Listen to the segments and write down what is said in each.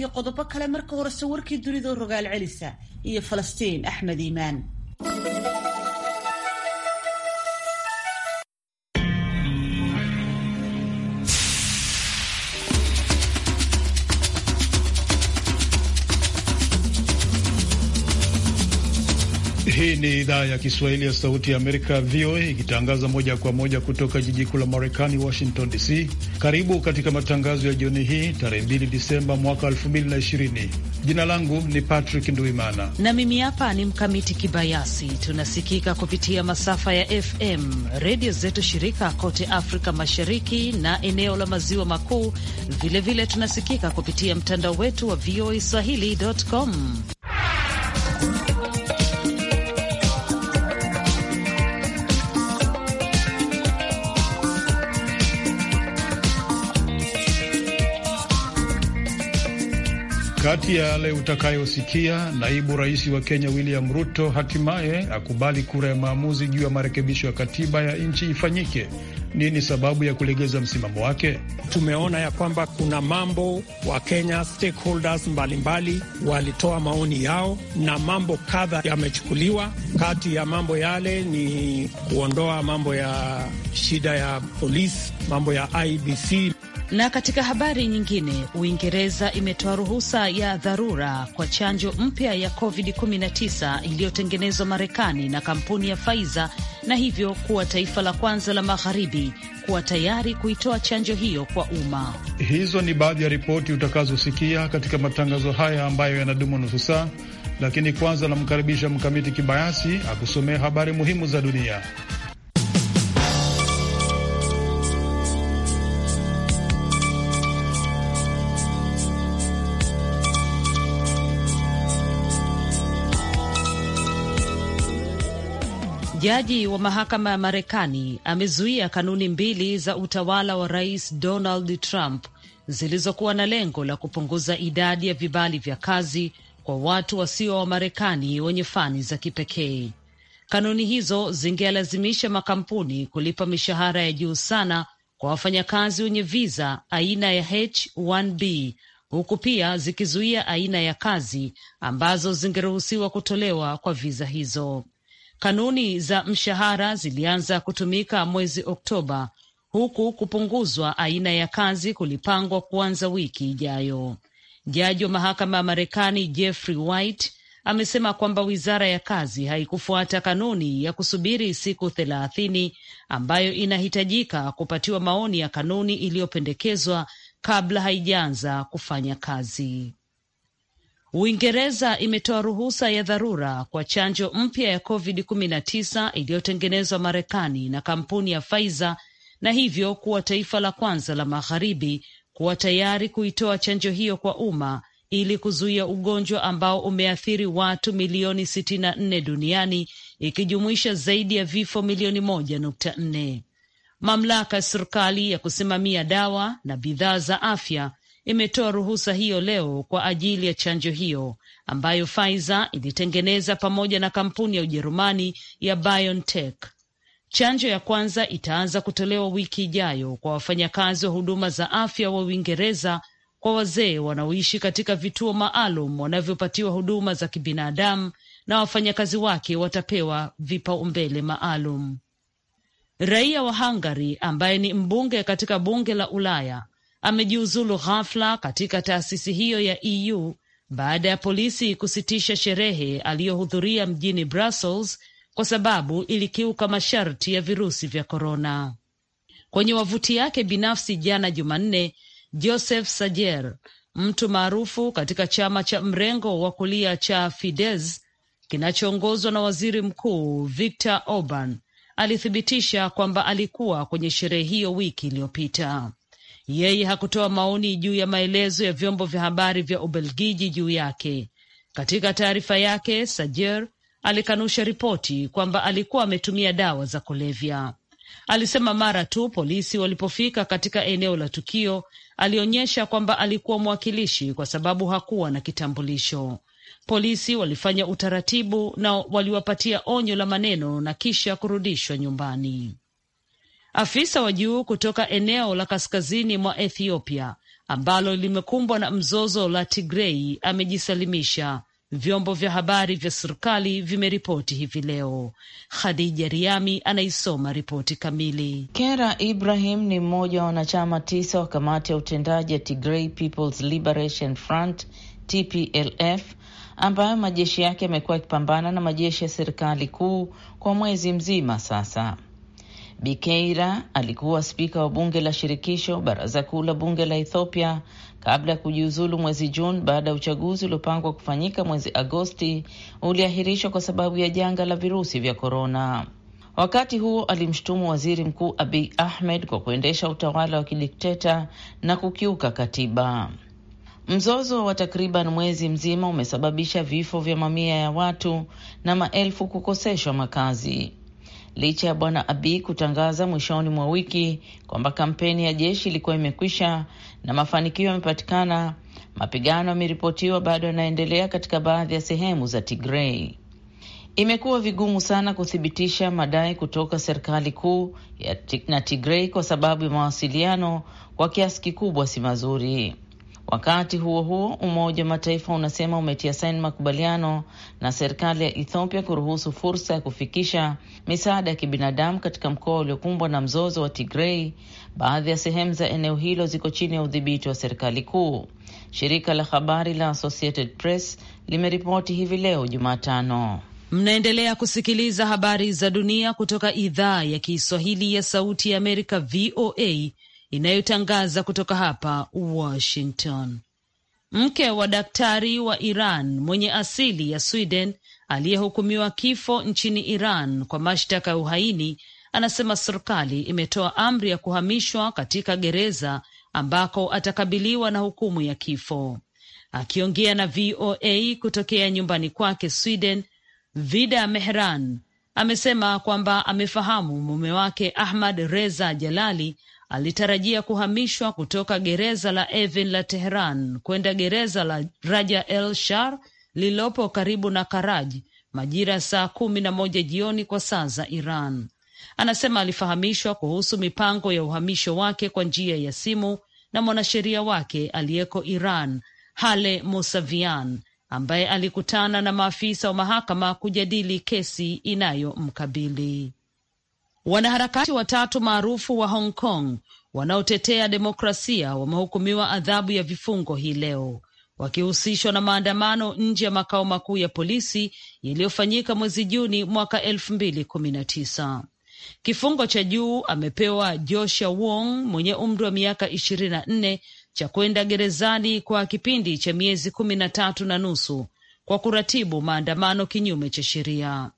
iyo qodobo kale marka hore dunida dunidao rogaal celisa iyo falastiin axmed iimaan Hii ni idhaa ya Kiswahili ya Sauti ya Amerika, VOA, ikitangaza moja kwa moja kutoka jiji kuu la Marekani, Washington DC. Karibu katika matangazo ya jioni hii tarehe 2 Disemba mwaka 2020. Jina langu ni Patrick Nduimana na mimi hapa ni Mkamiti Kibayasi. Tunasikika kupitia masafa ya FM, redio zetu shirika kote Afrika Mashariki na eneo la Maziwa Makuu. Vilevile tunasikika kupitia mtandao wetu wa swahili.com. Kati ya yale utakayosikia, naibu rais wa Kenya William Ruto hatimaye akubali kura ya maamuzi juu ya marekebisho ya katiba ya nchi ifanyike. Nini sababu ya kulegeza msimamo wake? Tumeona ya kwamba kuna mambo wa Kenya stakeholders mbalimbali walitoa maoni yao na mambo kadha yamechukuliwa. Kati ya mambo yale ni kuondoa mambo ya shida ya polisi, mambo ya IBC. Na katika habari nyingine, Uingereza imetoa ruhusa ya dharura kwa chanjo mpya ya COVID-19 iliyotengenezwa Marekani na kampuni ya Pfizer na hivyo kuwa taifa la kwanza la magharibi kuwa tayari kuitoa chanjo hiyo kwa umma. Hizo ni baadhi ya ripoti utakazosikia katika matangazo haya ambayo yanadumu nusu saa, lakini kwanza namkaribisha Mkamiti Kibayasi akusomea habari muhimu za dunia. Jaji wa mahakama ya Marekani amezuia kanuni mbili za utawala wa Rais Donald Trump zilizokuwa na lengo la kupunguza idadi ya vibali vya kazi kwa watu wasio wa Marekani wenye fani za kipekee. Kanuni hizo zingealazimisha makampuni kulipa mishahara ya juu sana kwa wafanyakazi wenye viza aina ya H1B huku pia zikizuia aina ya kazi ambazo zingeruhusiwa kutolewa kwa viza hizo. Kanuni za mshahara zilianza kutumika mwezi Oktoba, huku kupunguzwa aina ya kazi kulipangwa kuanza wiki ijayo. Jaji wa mahakama ya Marekani Jeffrey White amesema kwamba wizara ya kazi haikufuata kanuni ya kusubiri siku thelathini ambayo inahitajika kupatiwa maoni ya kanuni iliyopendekezwa kabla haijaanza kufanya kazi. Uingereza imetoa ruhusa ya dharura kwa chanjo mpya ya COVID-19 iliyotengenezwa Marekani na kampuni ya Pfizer na hivyo kuwa taifa la kwanza la magharibi kuwa tayari kuitoa chanjo hiyo kwa umma ili kuzuia ugonjwa ambao umeathiri watu milioni 64 duniani ikijumuisha zaidi ya vifo milioni 1.4. Mamlaka ya serikali ya kusimamia dawa na bidhaa za afya imetoa ruhusa hiyo leo kwa ajili ya chanjo hiyo ambayo Pfizer ilitengeneza pamoja na kampuni ya Ujerumani ya BioNTech. Chanjo ya kwanza itaanza kutolewa wiki ijayo kwa wafanyakazi wa huduma za afya wa Uingereza, kwa wazee wanaoishi katika vituo maalum wanavyopatiwa huduma za kibinadamu, na wafanyakazi wake watapewa vipaumbele maalum. Raia wa Hungary ambaye ni mbunge katika bunge la Ulaya amejiuzulu ghafla katika taasisi hiyo ya EU baada ya polisi kusitisha sherehe aliyohudhuria mjini Brussels kwa sababu ilikiuka masharti ya virusi vya korona. Kwenye wavuti yake binafsi jana Jumanne, Joseph Sajer, mtu maarufu katika chama cha mrengo wa kulia cha Fidesz kinachoongozwa na waziri mkuu Viktor Orban, alithibitisha kwamba alikuwa kwenye sherehe hiyo wiki iliyopita. Yeye hakutoa maoni juu ya maelezo ya vyombo vya habari vya Ubelgiji juu yake. Katika taarifa yake, Sajer alikanusha ripoti kwamba alikuwa ametumia dawa za kulevya. Alisema mara tu polisi walipofika katika eneo la tukio, alionyesha kwamba alikuwa mwakilishi kwa sababu hakuwa na kitambulisho. Polisi walifanya utaratibu na waliwapatia onyo la maneno na kisha kurudishwa nyumbani. Afisa wa juu kutoka eneo la kaskazini mwa Ethiopia ambalo limekumbwa na mzozo la Tigrei amejisalimisha, vyombo vya habari vya serikali vimeripoti hivi leo. Khadija Riami anaisoma ripoti kamili. Kera Ibrahim ni mmoja wa wanachama tisa wa kamati ya utendaji ya Tigray People's Liberation Front TPLF ambayo majeshi yake yamekuwa yakipambana na majeshi ya serikali kuu kwa mwezi mzima sasa. Bikeira alikuwa spika wa bunge la shirikisho, baraza kuu la bunge la Ethiopia, kabla ya kujiuzulu mwezi Juni baada ya uchaguzi uliopangwa kufanyika mwezi Agosti uliahirishwa kwa sababu ya janga la virusi vya korona. Wakati huo alimshutumu waziri mkuu Abiy Ahmed kwa kuendesha utawala wa kidikteta na kukiuka katiba. Mzozo wa takriban mwezi mzima umesababisha vifo vya mamia ya watu na maelfu kukoseshwa makazi licha ya bwana abi kutangaza mwishoni mwa wiki kwamba kampeni ya jeshi ilikuwa imekwisha na mafanikio yamepatikana. Mapigano yameripotiwa bado yanaendelea katika baadhi ya sehemu za Tigrei. Imekuwa vigumu sana kuthibitisha madai kutoka serikali kuu na Tigrei kwa sababu ya mawasiliano kwa kiasi kikubwa si mazuri. Wakati huo huo, Umoja wa Mataifa unasema umetia saini makubaliano na serikali ya Ethiopia kuruhusu fursa ya kufikisha misaada ya kibinadamu katika mkoa uliokumbwa na mzozo wa Tigrei. Baadhi ya sehemu za eneo hilo ziko chini ya udhibiti wa serikali kuu. Shirika la habari la Associated Press limeripoti hivi leo Jumatano. Mnaendelea kusikiliza habari za dunia kutoka idhaa ya Kiswahili ya Sauti ya Amerika, VOA inayotangaza kutoka hapa Washington. Mke wa daktari wa Iran mwenye asili ya Sweden aliyehukumiwa kifo nchini Iran kwa mashtaka ya uhaini anasema serikali imetoa amri ya kuhamishwa katika gereza ambako atakabiliwa na hukumu ya kifo. Akiongea na VOA kutokea nyumbani kwake Sweden, Vida Mehran amesema kwamba amefahamu mume wake Ahmad Reza Jalali alitarajia kuhamishwa kutoka gereza la Evin la Tehran kwenda gereza la Raja El Shar lililopo karibu na Karaj majira ya saa kumi na moja jioni kwa saa za Iran. Anasema alifahamishwa kuhusu mipango ya uhamisho wake kwa njia ya simu na mwanasheria wake aliyeko Iran, Hale Musavian, ambaye alikutana na maafisa wa mahakama kujadili kesi inayomkabili. Wanaharakati watatu maarufu wa Hong Kong wanaotetea demokrasia wamehukumiwa adhabu ya vifungo hii leo wakihusishwa na maandamano nje ya makao makuu ya polisi yaliyofanyika mwezi Juni mwaka elfu mbili kumi na tisa. Kifungo cha juu amepewa Joshua Wong mwenye umri wa miaka ishirini na nne cha kwenda gerezani kwa kipindi cha miezi kumi na tatu na nusu kwa kuratibu maandamano kinyume cha sheria.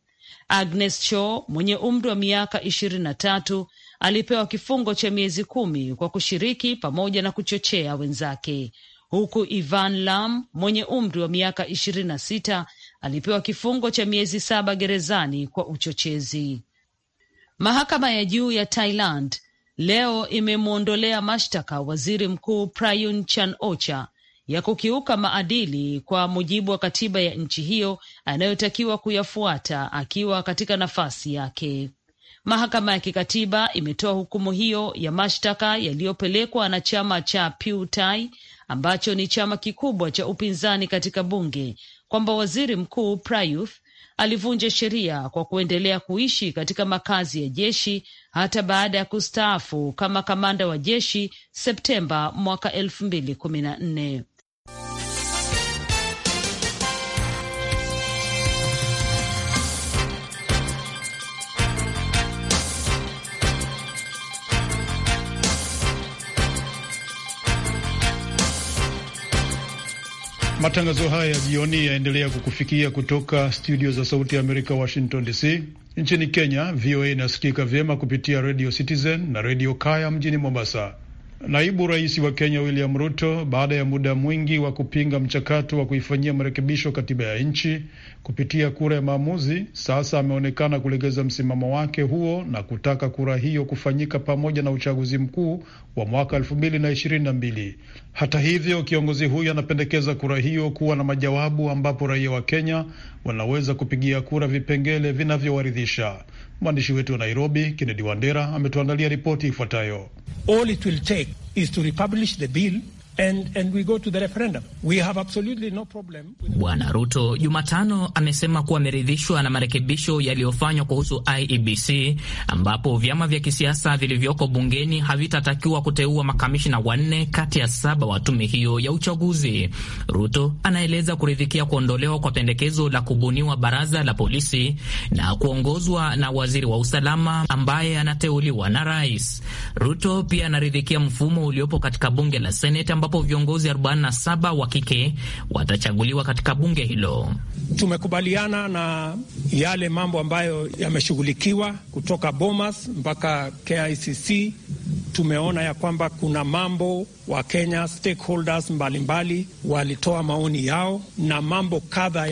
Agnes Cho mwenye umri wa miaka ishirini na tatu alipewa kifungo cha miezi kumi kwa kushiriki pamoja na kuchochea wenzake, huku Ivan Lam mwenye umri wa miaka ishirini na sita alipewa kifungo cha miezi saba gerezani kwa uchochezi. Mahakama ya juu ya Thailand leo imemwondolea mashtaka waziri mkuu Prayun Chan-ocha ya kukiuka maadili kwa mujibu wa katiba ya nchi hiyo anayotakiwa kuyafuata akiwa katika nafasi yake. Mahakama ya kikatiba imetoa hukumu hiyo ya mashtaka yaliyopelekwa na chama cha putai ambacho ni chama kikubwa cha upinzani katika bunge kwamba waziri mkuu Prayuth alivunja sheria kwa kuendelea kuishi katika makazi ya jeshi hata baada ya kustaafu kama kamanda wa jeshi Septemba mwaka elfu mbili kumi na nne. Matangazo haya ya jioni yaendelea kukufikia kutoka studio za Sauti ya Amerika, Washington DC. Nchini Kenya, VOA inasikika vyema kupitia Radio Citizen na redio Kaya mjini Mombasa. Naibu rais wa Kenya William Ruto, baada ya muda mwingi wa kupinga mchakato wa kuifanyia marekebisho katiba ya nchi kupitia kura ya maamuzi, sasa ameonekana kulegeza msimamo wake huo na kutaka kura hiyo kufanyika pamoja na uchaguzi mkuu wa mwaka elfu mbili na ishirini na mbili. Hata hivyo, kiongozi huyo anapendekeza kura hiyo kuwa na majawabu ambapo raia wa Kenya wanaweza kupigia kura vipengele vinavyowaridhisha. Mwandishi wetu wa Nairobi, Kennedy Wandera, ametuandalia ripoti ifuatayo. All it will take is to republish the bill Bwana Ruto Jumatano amesema kuwa ameridhishwa na marekebisho yaliyofanywa kuhusu IEBC ambapo vyama vya kisiasa vilivyoko bungeni havitatakiwa kuteua makamishina wanne kati ya saba wa tume hiyo ya uchaguzi. Ruto anaeleza kuridhikia kuondolewa kwa pendekezo la kubuniwa baraza la polisi na kuongozwa na waziri wa usalama ambaye anateuliwa na rais. Ruto pia anaridhikia mfumo uliopo katika bunge la Seneti ambapo viongozi 47 wa kike watachaguliwa katika bunge hilo. Tumekubaliana na yale mambo ambayo yameshughulikiwa kutoka Bomas mpaka KICC. Tumeona ya kwamba kuna mambo wa Kenya stakeholders mbalimbali walitoa maoni yao na mambo kadha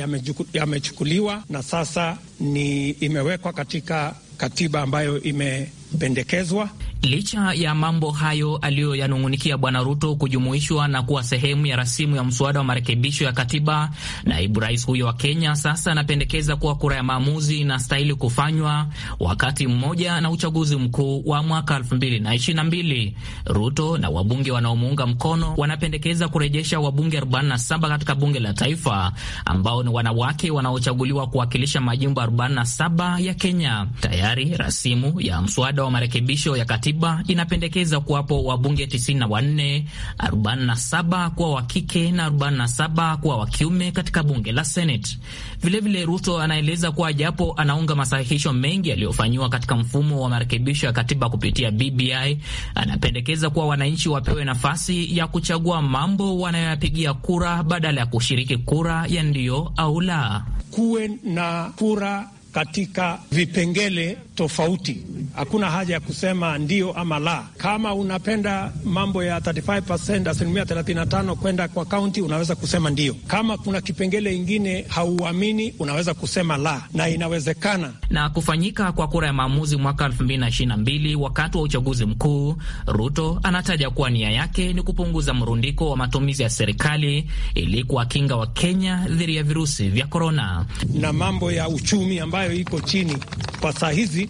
yamechukuliwa ya na sasa ni imewekwa katika katiba ambayo imependekezwa. Licha ya mambo hayo aliyoyanung'unikia Bwana Ruto kujumuishwa na kuwa sehemu ya rasimu ya mswada wa marekebisho ya katiba, naibu rais huyo wa Kenya sasa anapendekeza kuwa kura ya maamuzi inastahili kufanywa wakati mmoja na uchaguzi mkuu wa mwaka 2022. Ruto na wabunge wanaomuunga mkono wanapendekeza kurejesha wabunge 47 katika bunge la taifa ambao ni wanawake wanaochaguliwa kuwakilisha majimbo 47 ya Kenya. Tayari rasimu ya mswada wa marekebisho ya katiba katiba inapendekeza kuwapo wabunge 94, 47 kuwa wa kike na 47 kuwa wa kiume katika bunge la Senate. Vilevile, Ruto anaeleza kuwa japo anaunga masahihisho mengi yaliyofanyiwa katika mfumo wa marekebisho ya katiba kupitia BBI, anapendekeza kuwa wananchi wapewe nafasi ya kuchagua mambo wanayoyapigia kura badala ya kushiriki kura ya ndio au la. Kuwe na kura katika vipengele tofauti. Hakuna haja ya kusema ndio ama la. Kama unapenda mambo ya 35% asilimia 35 kwenda kwa kaunti, unaweza kusema ndio. Kama kuna kipengele ingine hauamini, unaweza kusema la, na inawezekana. Na kufanyika kwa kura ya maamuzi mwaka 2022 wakati wa uchaguzi mkuu, Ruto anataja kuwa nia yake ni kupunguza mrundiko wa matumizi ya serikali ili kuwakinga Wakenya dhidi ya virusi vya korona na mambo ya uchumi ambayo iko chini kwa saa hizi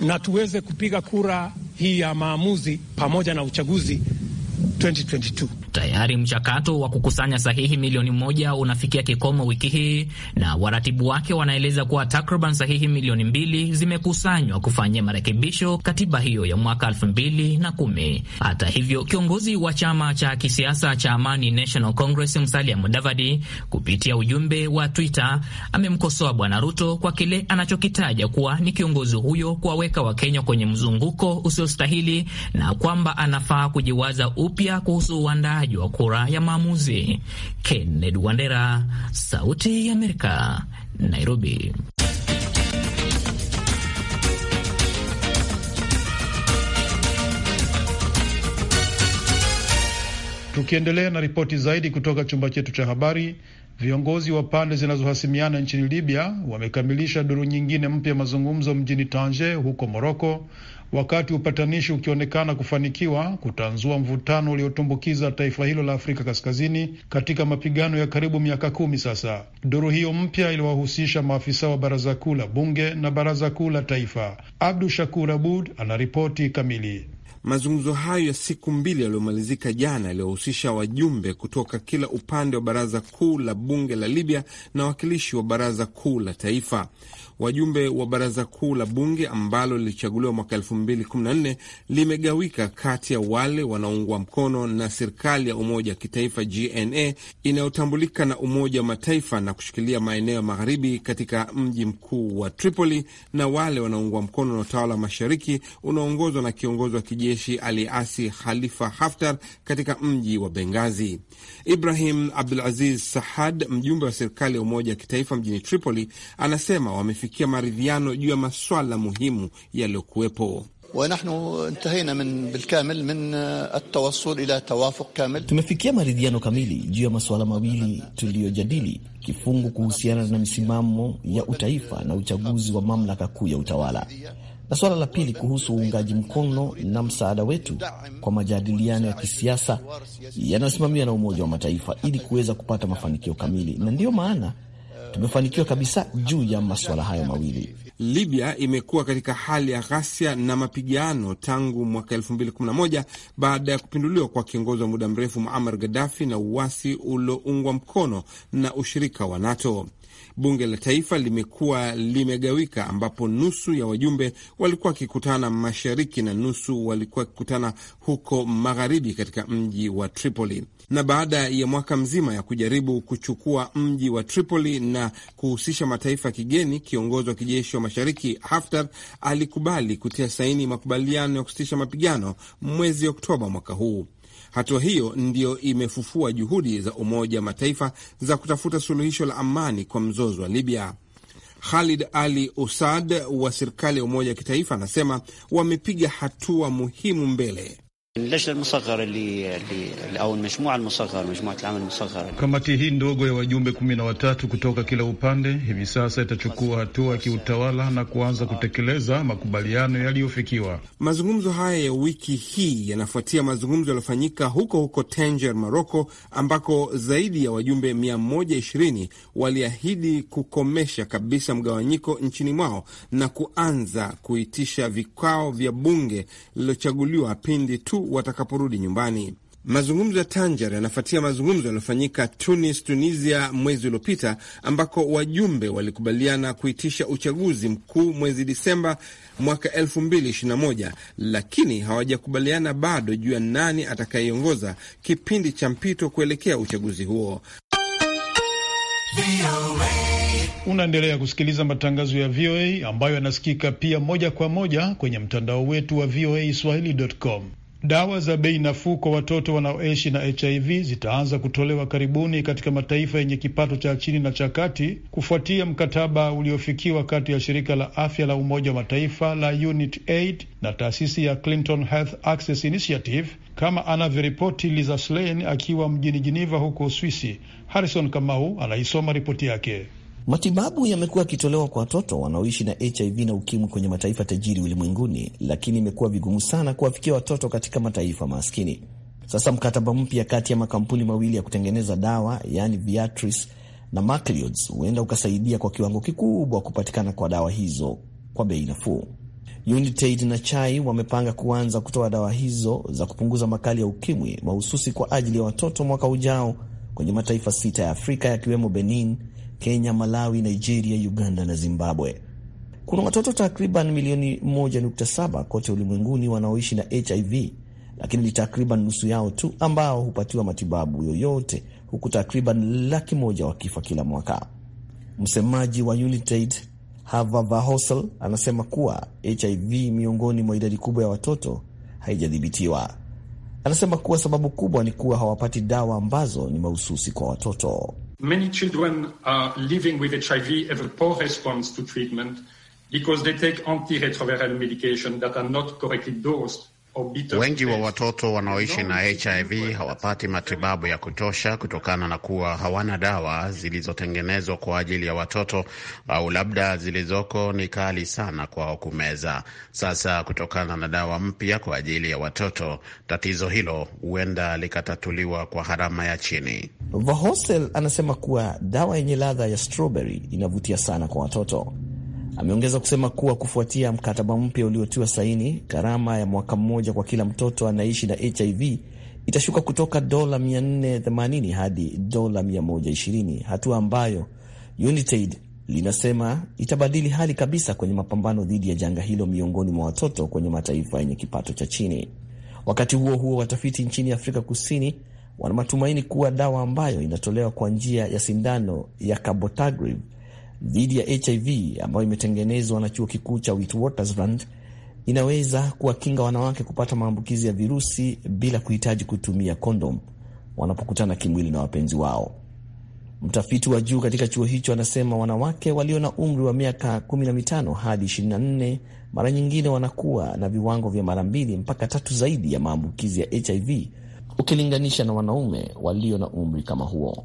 na tuweze kupiga kura hii ya maamuzi pamoja na uchaguzi 2022. Tayari mchakato wa kukusanya sahihi milioni moja unafikia kikomo wiki hii na waratibu wake wanaeleza kuwa takriban sahihi milioni mbili zimekusanywa kufanyia marekebisho katiba hiyo ya mwaka elfu mbili na kumi. Hata hivyo, kiongozi wa chama cha kisiasa cha Amani National Congress Musalia Mudavadi kupitia ujumbe wa Twitter amemkosoa Bwana Ruto kwa kile anachokitaja kuwa ni kiongozi huyo kuwaweka Wakenya kwenye mzunguko usiostahili na kwamba anafaa kujiwaza upya pia kuhusu uandaaji wa kura ya maamuzi. Kennedy Wandera, Sauti ya Amerika, Nairobi. Tukiendelea na ripoti zaidi kutoka chumba chetu cha habari, viongozi wa pande zinazohasimiana nchini Libya wamekamilisha duru nyingine mpya mazungumzo mjini Tanger huko Moroko, wakati upatanishi ukionekana kufanikiwa kutanzua mvutano uliotumbukiza taifa hilo la Afrika Kaskazini katika mapigano ya karibu miaka kumi sasa. Duru hiyo mpya iliwahusisha maafisa wa baraza kuu la bunge na baraza kuu la taifa. Abdu Shakur Abud anaripoti kamili. Mazungumzo hayo ya siku mbili yaliyomalizika jana yaliyohusisha wajumbe kutoka kila upande wa baraza kuu la bunge la Libya na wawakilishi wa baraza kuu la taifa. Wajumbe wa baraza kuu la bunge ambalo lilichaguliwa mwaka nne limegawika kati ya wale wanaoungwa mkono na serikali ya umoja wa kitaifa GNA inayotambulika na Umoja wa Mataifa na kushikilia maeneo ya magharibi katika mji mkuu wa Tripoli na wale wanaoungwa mkono na utawala wa mashariki unaoongozwa na kiongozi wa kijeshi mwanajeshi aliasi Khalifa Haftar katika mji wa Bengazi. Ibrahim Abdul Aziz Sahad, mjumbe wa serikali ya Umoja wa Kitaifa mjini Tripoli, anasema wamefikia maridhiano juu ya maswala muhimu yaliyokuwepo. Uh, Tumefikia maridhiano kamili juu ya masuala mawili tuliyojadili: kifungu kuhusiana na misimamo ya utaifa na uchaguzi wa mamlaka kuu ya utawala. Na suala la pili kuhusu uungaji mkono na msaada wetu kwa majadiliano ya kisiasa yanayosimamiwa na Umoja wa Mataifa ili kuweza kupata mafanikio kamili, na ndiyo maana tumefanikiwa kabisa juu ya masuala hayo mawili. Libya imekuwa katika hali ya ghasia na mapigano tangu mwaka 2011 baada ya kupinduliwa kwa kiongozi wa muda mrefu Muammar Gaddafi na uasi ulioungwa mkono na ushirika wa NATO. Bunge la Taifa limekuwa limegawika, ambapo nusu ya wajumbe walikuwa wakikutana mashariki na nusu walikuwa wakikutana huko magharibi katika mji wa Tripoli na baada ya mwaka mzima ya kujaribu kuchukua mji wa Tripoli na kuhusisha mataifa ya kigeni, kiongozi wa kijeshi wa mashariki Haftar alikubali kutia saini makubaliano ya kusitisha mapigano mwezi Oktoba mwaka huu. Hatua hiyo ndiyo imefufua juhudi za Umoja wa Mataifa za kutafuta suluhisho la amani kwa mzozo wa Libya. Khalid Ali Usad wa serikali ya Umoja wa Kitaifa anasema wamepiga hatua muhimu mbele. اللجنه المصغره اللي, اللي au المجموعه المصغره مجموعه العمل المصغره. Kamati hii ndogo ya wajumbe kumi na watatu kutoka kila upande hivi sasa itachukua hatua ya kiutawala na kuanza kutekeleza makubaliano yaliyofikiwa. Mazungumzo haya ya wiki hii yanafuatia mazungumzo yaliyofanyika huko huko Tanger, Morocco, ambako zaidi ya wajumbe 120 waliahidi kukomesha kabisa mgawanyiko nchini mwao na kuanza kuitisha vikao vya bunge lililochaguliwa pindi tu watakaporudi nyumbani. Mazungumzo ya Tanjer yanafuatia mazungumzo yaliyofanyika Tunis, Tunisia mwezi uliopita, ambako wajumbe walikubaliana kuitisha uchaguzi mkuu mwezi Disemba mwaka 2021 lakini hawajakubaliana bado juu ya nani atakayeongoza kipindi cha mpito kuelekea uchaguzi huo. Unaendelea kusikiliza matangazo ya VOA ambayo yanasikika pia moja kwa moja kwenye mtandao wetu wa voa swahili.com. Dawa za bei nafuu kwa watoto wanaoishi na HIV zitaanza kutolewa karibuni katika mataifa yenye kipato cha chini na cha kati kufuatia mkataba uliofikiwa kati ya shirika la afya la Umoja wa Mataifa la UNITAID na taasisi ya Clinton Health Access Initiative, kama anavyoripoti Liza Schlein akiwa mjini Jiniva huko Uswisi. Harrison Kamau anaisoma ripoti yake. Matibabu yamekuwa yakitolewa kwa watoto wanaoishi na HIV na ukimwi kwenye mataifa tajiri ulimwenguni, lakini imekuwa vigumu sana kuwafikia watoto katika mataifa maskini. Sasa mkataba mpya kati ya makampuni mawili ya kutengeneza dawa yaani Viatris na Macleods huenda ukasaidia kwa kiwango kikubwa kupatikana kwa dawa hizo kwa bei nafuu. Unitaid na Chai wamepanga kuanza kutoa dawa hizo za kupunguza makali ya ukimwi mahususi kwa ajili ya watoto mwaka ujao kwenye mataifa sita ya Afrika yakiwemo Benin, Kenya, Malawi, Nigeria, Uganda na Zimbabwe. Kuna watoto takriban milioni 1.7 kote ulimwenguni wanaoishi na HIV, lakini ni takriban nusu yao tu ambao hupatiwa matibabu yoyote, huku takriban laki moja wakifa kila mwaka. Msemaji wa United Havavahosel anasema kuwa HIV miongoni mwa idadi kubwa ya watoto haijadhibitiwa. Anasema kuwa sababu kubwa ni kuwa hawapati dawa ambazo ni mahususi kwa watoto. Many children are living with HIV have a poor response to treatment because they take antiretroviral medication that are not correctly dosed Wengi wa watoto wanaoishi na HIV hawapati matibabu ya kutosha kutokana na kuwa hawana dawa zilizotengenezwa kwa ajili ya watoto au labda zilizoko ni kali sana kwao kumeza. Sasa kutokana na dawa mpya kwa ajili ya watoto, tatizo hilo huenda likatatuliwa kwa gharama ya chini. Vahosel anasema kuwa dawa yenye ladha ya strawberry inavutia sana kwa watoto. Ameongeza kusema kuwa kufuatia mkataba mpya uliotiwa saini, gharama ya mwaka mmoja kwa kila mtoto anaishi na HIV itashuka kutoka dola 480 hadi dola 120, hatua ambayo United linasema itabadili hali kabisa kwenye mapambano dhidi ya janga hilo miongoni mwa watoto kwenye mataifa yenye kipato cha chini. Wakati huo huo, watafiti nchini Afrika Kusini wana matumaini kuwa dawa ambayo inatolewa kwa njia ya sindano ya Cabotegravir dhidi ya HIV ambayo imetengenezwa na chuo kikuu cha Witwatersrand inaweza kuwakinga wanawake kupata maambukizi ya virusi bila kuhitaji kutumia kondom wanapokutana kimwili na wapenzi wao. Mtafiti wa juu katika chuo hicho anasema wanawake walio na umri wa miaka 15 hadi 24 mara nyingine wanakuwa na viwango vya mara mbili mpaka tatu zaidi ya maambukizi ya HIV ukilinganisha na wanaume walio na umri kama huo.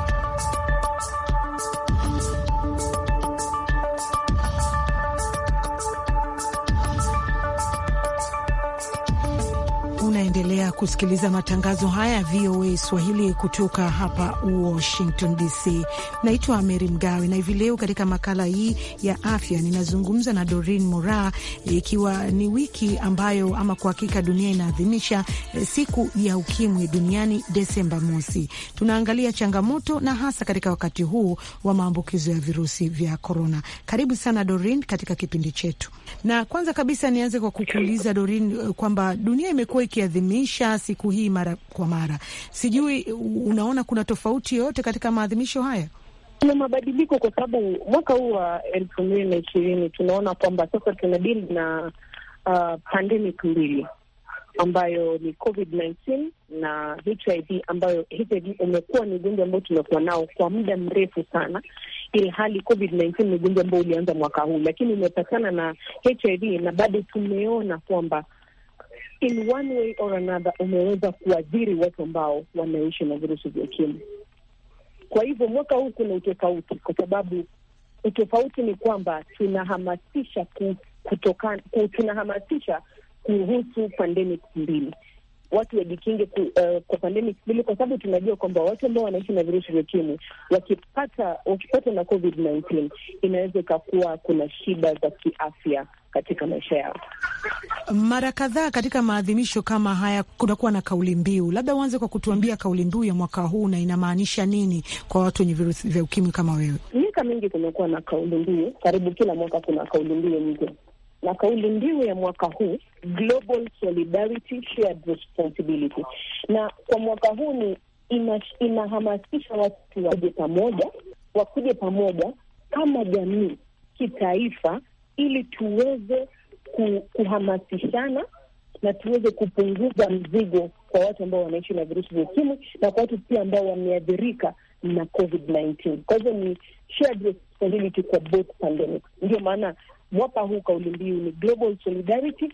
Unaendelea kusikiliza matangazo haya ya VOA Swahili kutoka hapa Washington DC. Naitwa Meri Mgawe na hivi leo katika makala hii ya afya ninazungumza na Doreen mora ikiwa ni wiki ambayo ama kwa hakika dunia inaadhimisha eh, siku ya ukimwi duniani Desemba mosi. Tunaangalia changamoto na hasa katika wakati huu wa maambukizo ya virusi vya korona. Karibu sana Doreen katika kipindi chetu, na kwanza kabisa nianze kwa kukuuliza Doreen eh, kwamba dunia imekuwa mkiadhimisha siku hii mara kwa mara, sijui unaona kuna tofauti yoyote katika maadhimisho haya? Kuna mabadiliko kwa sababu mwaka huu wa elfu mbili na ishirini tunaona kwamba sasa tuna dili na uh, pandemic mbili ambayo ni COVID-19 na HIV, ambayo HIV umekuwa ni ugonjwa ambao tumekuwa nao kwa muda mrefu sana, ili hali COVID-19 ni ugonjwa ambao ulianza mwaka huu, lakini umepatana na HIV na bado tumeona kwamba in one way or another umeweza kuadhiri watu ambao wanaishi na virusi vya ukimwi. Kwa hivyo mwaka huu kuna utofauti, kwa sababu utofauti ni kwamba tunahamasisha ku, kutoka, ku, tunahamasisha kuhusu pandemic mbili watu wajikinge ku, uh, kwa pandemic ili kwa sababu tunajua kwamba watu ambao wanaishi na virusi vya ukimwi wakipata wakipata na covid 19 inaweza ikakuwa kuna shida za kiafya katika maisha yao. Mara kadhaa katika maadhimisho kama haya kunakuwa na kauli mbiu, labda uanze kwa kutuambia kauli mbiu ya mwaka huu na inamaanisha nini kwa watu wenye virusi vya ukimwi kama wewe? Miaka mingi kumekuwa na kauli mbiu, karibu kila mwaka kuna kauli mbiu mpya na kauli mbiu ya mwaka huu Global Solidarity, Shared Responsibility, na kwa mwaka huu ni inahamasisha ina watu waje pamoja, wakuje pamoja kama jamii, kitaifa, ili tuweze kuhamasishana na tuweze kupunguza mzigo kwa watu ambao wanaishi na virusi vya ukimwi na kwa watu pia ambao wameathirika na COVID-19. Kwa hivyo ni shared responsibility kwa both pandemics. Ndio maana mwaka huu kauli mbiu ni Global Solidarity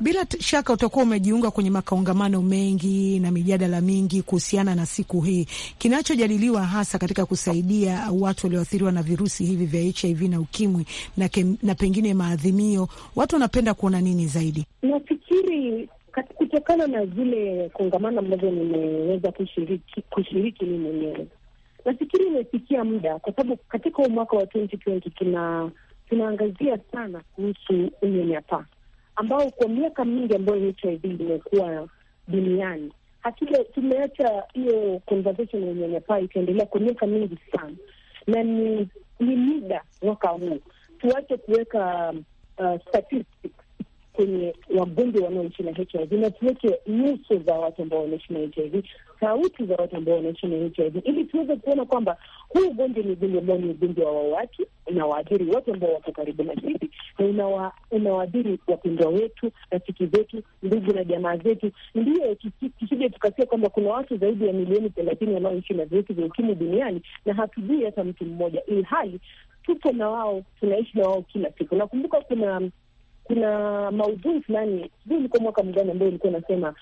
Bila shaka utakuwa umejiunga kwenye makongamano mengi na mijadala mingi kuhusiana na siku hii. Kinachojadiliwa hasa katika kusaidia watu walioathiriwa na virusi hivi vya HIV na ukimwi na, kem, na pengine maadhimio, watu wanapenda kuona nini zaidi? Nafikiri kutokana na zile kongamano ambazo nimeweza kushiriki kushiriki mimi mwenyewe Nafikiri imefikia muda, kwa sababu katika huu mwaka wa 2020 tuna tunaangazia sana kuhusu unyanyapaa ambao kwa miaka mingi ambayo HIV imekuwa duniani hakika tumeacha hiyo conversation ya unyanyapaa ikaendelea kwa miaka mingi sana, na ni ni muda mwaka huu tuache kuweka uh, statistics kwenye wagonjwa wanaoishi na HIV na tuweke nyuso za watu ambao wanaishi na HIV, sauti za watu ambao wanaishi na HIV, ili tuweze kuona kwamba huu ugonjwa ni ugonjwa ambao ni ugonjwa wa watu, unawaadhiri watu ambao wako karibu na sisi, na unawaadhiri wapendwa wetu, rafiki zetu, ndugu na jamaa zetu. Ndiyo tusije tukasia kwamba kuna watu zaidi ya milioni thelathini wanaoishi na virusi vya ukimwi duniani na hatujui hata mtu mmoja, ilhali tupo na wao, tunaishi na wao kila siku. Nakumbuka kuna kuna maudhui fulani, sijui ulikuwa mwaka mgani, ambayo ulikuwa unasema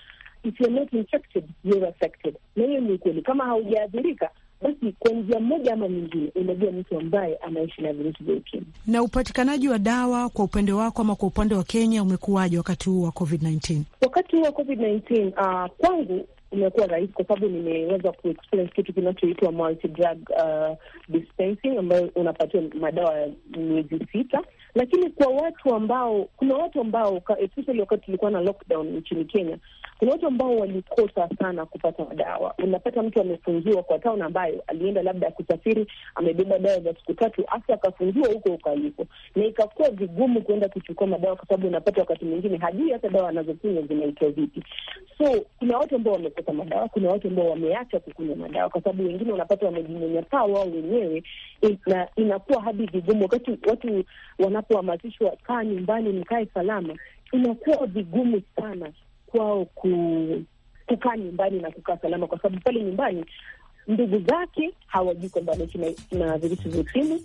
if you're not infected you're affected, na hiyo ni ukweli. Kama haujaathirika basi kwa njia moja ama nyingine unajua mtu ambaye anaishi na virusi vya ukimwi. Na upatikanaji wa dawa kwa upande wako ama kwa upande wa Kenya umekuwaje wakati huu wa covid 19? Wakati huu wa covid 19, uh, ah, kwangu umekuwa rahisi kwa sababu nimeweza kuexperience kitu kinachoitwa multi drug uh, ah, dispensing ambayo unapatiwa madawa ya miezi sita lakini kwa watu ambao kuna watu ambao especially wakati tulikuwa na lockdown nchini Kenya, kuna watu ambao walikosa sana kupata dawa. Unapata mtu amefungiwa kwa tauni ambayo alienda labda kusafiri, amebeba dawa za siku tatu, hasa akafungiwa huko huko alipo, na ikakuwa vigumu kuenda kuchukua madawa, kwa sababu unapata wakati mwingine hajui hata dawa anazokunywa zinaitwa vipi. So kuna watu ambao wamekosa madawa, kuna watu ambao wameacha kukunywa madawa, kwa sababu wengine unapata wamejinyanyapaa wao wenyewe, na inakuwa hadi vigumu wakati watu wanapohamasishwa, kaa nyumbani, mkae salama, inakuwa vigumu sana kwao ku, kukaa nyumbani na kukaa salama, kwa sababu pale nyumbani ndugu zake hawajui kwamba anaishi na virusi vya ukimwi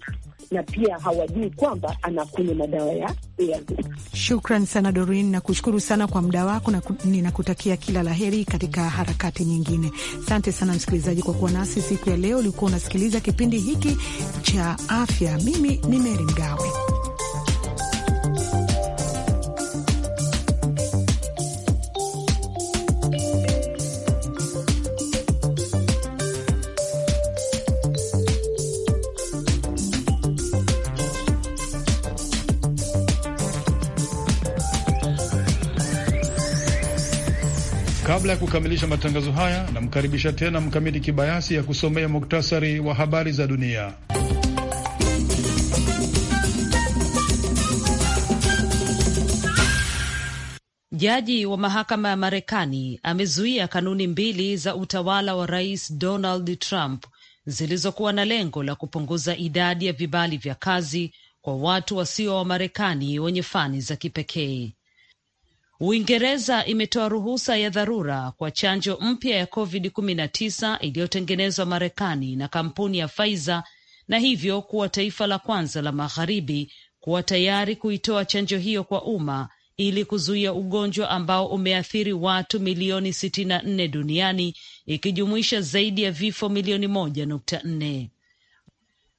na pia hawajui kwamba anakunywa madawa ya ARV. Shukran sana Doreen, na kushukuru sana kwa muda wako na ninakutakia kila la heri katika harakati nyingine. Asante sana msikilizaji kwa kuwa nasi siku ya leo. Ulikuwa unasikiliza kipindi hiki cha afya. Mimi ni Meri Mgawe. Kabla ya kukamilisha matangazo haya, namkaribisha tena Mkamiti Kibayasi ya kusomea muktasari wa habari za dunia. Jaji wa mahakama ya Marekani amezuia kanuni mbili za utawala wa Rais Donald Trump zilizokuwa na lengo la kupunguza idadi ya vibali vya kazi kwa watu wasio wa Marekani wenye fani za kipekee. Uingereza imetoa ruhusa ya dharura kwa chanjo mpya ya COVID-19 iliyotengenezwa Marekani na kampuni ya Pfizer na hivyo kuwa taifa la kwanza la magharibi kuwa tayari kuitoa chanjo hiyo kwa umma ili kuzuia ugonjwa ambao umeathiri watu milioni 64 duniani ikijumuisha zaidi ya vifo milioni 1.4.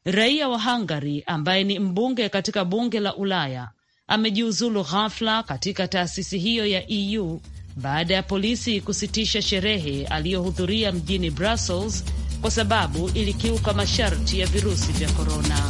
Raia wa Hungary ambaye ni mbunge katika bunge la Ulaya amejiuzulu ghafla katika taasisi hiyo ya EU baada ya polisi kusitisha sherehe aliyohudhuria mjini Brussels kwa sababu ilikiuka masharti ya virusi vya korona.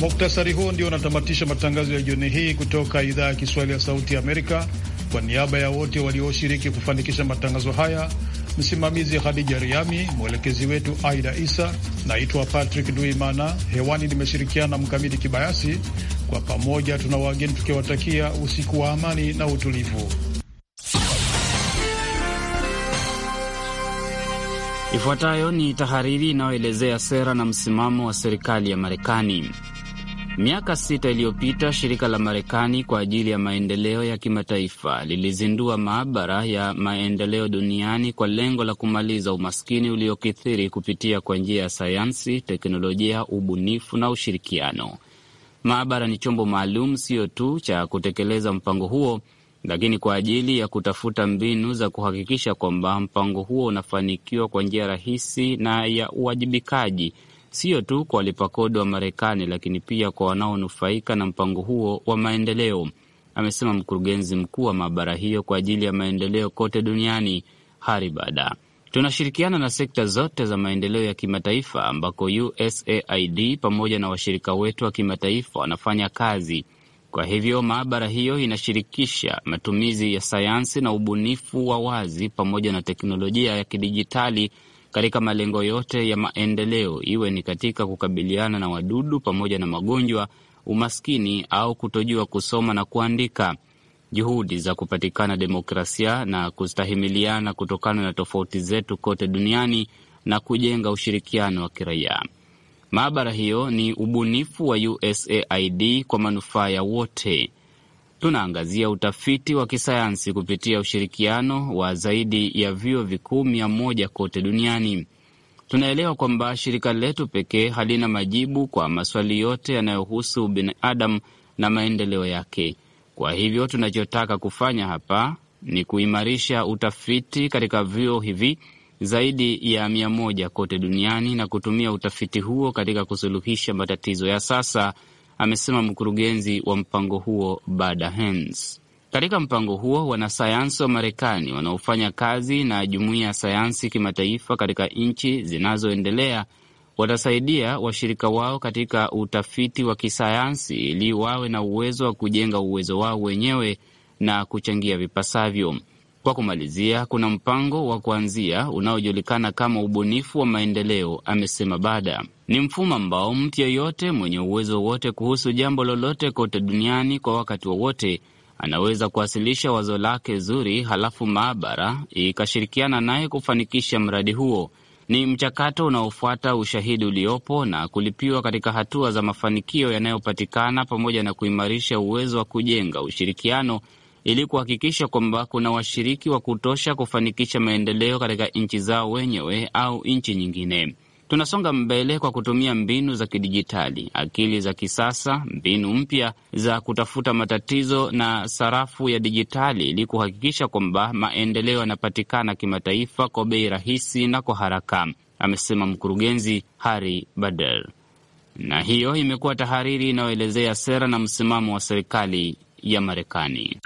Muktasari huo ndio unatamatisha matangazo ya jioni hii kutoka idhaa ya Kiswahili ya Sauti ya Amerika. Kwa niaba ya wote walioshiriki kufanikisha matangazo haya Msimamizi Khadija Riami, mwelekezi wetu Aida Isa. Naitwa Patrick Duimana, hewani nimeshirikiana na Mkamiti Kibayasi. Kwa pamoja tuna wageni tukiwatakia usiku wa amani na utulivu. Ifuatayo ni tahariri inayoelezea sera na msimamo wa serikali ya Marekani. Miaka sita iliyopita shirika la Marekani kwa ajili ya maendeleo ya kimataifa lilizindua maabara ya maendeleo duniani kwa lengo la kumaliza umaskini uliokithiri kupitia kwa njia ya sayansi, teknolojia, ubunifu na ushirikiano. Maabara ni chombo maalum sio tu cha kutekeleza mpango huo, lakini kwa ajili ya kutafuta mbinu za kuhakikisha kwamba mpango huo unafanikiwa kwa njia rahisi na ya uwajibikaji sio tu kwa walipakodi wa Marekani, lakini pia kwa wanaonufaika na mpango huo wa maendeleo, amesema mkurugenzi mkuu wa maabara hiyo kwa ajili ya maendeleo kote duniani Hari Bada. Tunashirikiana na sekta zote za maendeleo ya kimataifa ambako USAID pamoja na washirika wetu wa kimataifa wanafanya kazi. Kwa hivyo maabara hiyo inashirikisha matumizi ya sayansi na ubunifu wa wazi pamoja na teknolojia ya kidijitali katika malengo yote ya maendeleo, iwe ni katika kukabiliana na wadudu pamoja na magonjwa, umaskini au kutojua kusoma na kuandika. Juhudi za kupatikana demokrasia na kustahimiliana kutokana na tofauti zetu kote duniani na kujenga ushirikiano wa kiraia. Maabara hiyo ni ubunifu wa USAID kwa manufaa ya wote. Tunaangazia utafiti wa kisayansi kupitia ushirikiano wa zaidi ya vyuo vikuu mia moja kote duniani. Tunaelewa kwamba shirika letu pekee halina majibu kwa maswali yote yanayohusu binadamu na maendeleo yake. Kwa hivyo tunachotaka kufanya hapa ni kuimarisha utafiti katika vyuo hivi zaidi ya mia moja kote duniani na kutumia utafiti huo katika kusuluhisha matatizo ya sasa amesema mkurugenzi wa mpango huo Bada Hens. Katika mpango huo wanasayansi wa Marekani wanaofanya kazi na jumuiya ya sayansi kimataifa katika nchi zinazoendelea watasaidia washirika wao katika utafiti wa kisayansi ili wawe na uwezo wa kujenga uwezo wao wenyewe na kuchangia vipasavyo. Kwa kumalizia, kuna mpango wa kuanzia unaojulikana kama ubunifu wa maendeleo, amesema Bada. Ni mfumo ambao mtu yeyote mwenye uwezo wowote kuhusu jambo lolote kote duniani kwa wakati wowote anaweza kuwasilisha wazo lake zuri, halafu maabara ikashirikiana naye kufanikisha mradi huo. Ni mchakato unaofuata ushahidi uliopo na kulipiwa katika hatua za mafanikio yanayopatikana, pamoja na kuimarisha uwezo wa kujenga ushirikiano ili kuhakikisha kwamba kuna washiriki wa kutosha kufanikisha maendeleo katika nchi zao wenyewe au nchi nyingine. Tunasonga mbele kwa kutumia mbinu za kidijitali, akili za kisasa, mbinu mpya za kutafuta matatizo na sarafu ya dijitali, ili kuhakikisha kwamba maendeleo yanapatikana kimataifa kwa bei rahisi na kwa haraka, amesema mkurugenzi Hari Badel. Na hiyo imekuwa tahariri inayoelezea sera na msimamo wa serikali ya Marekani.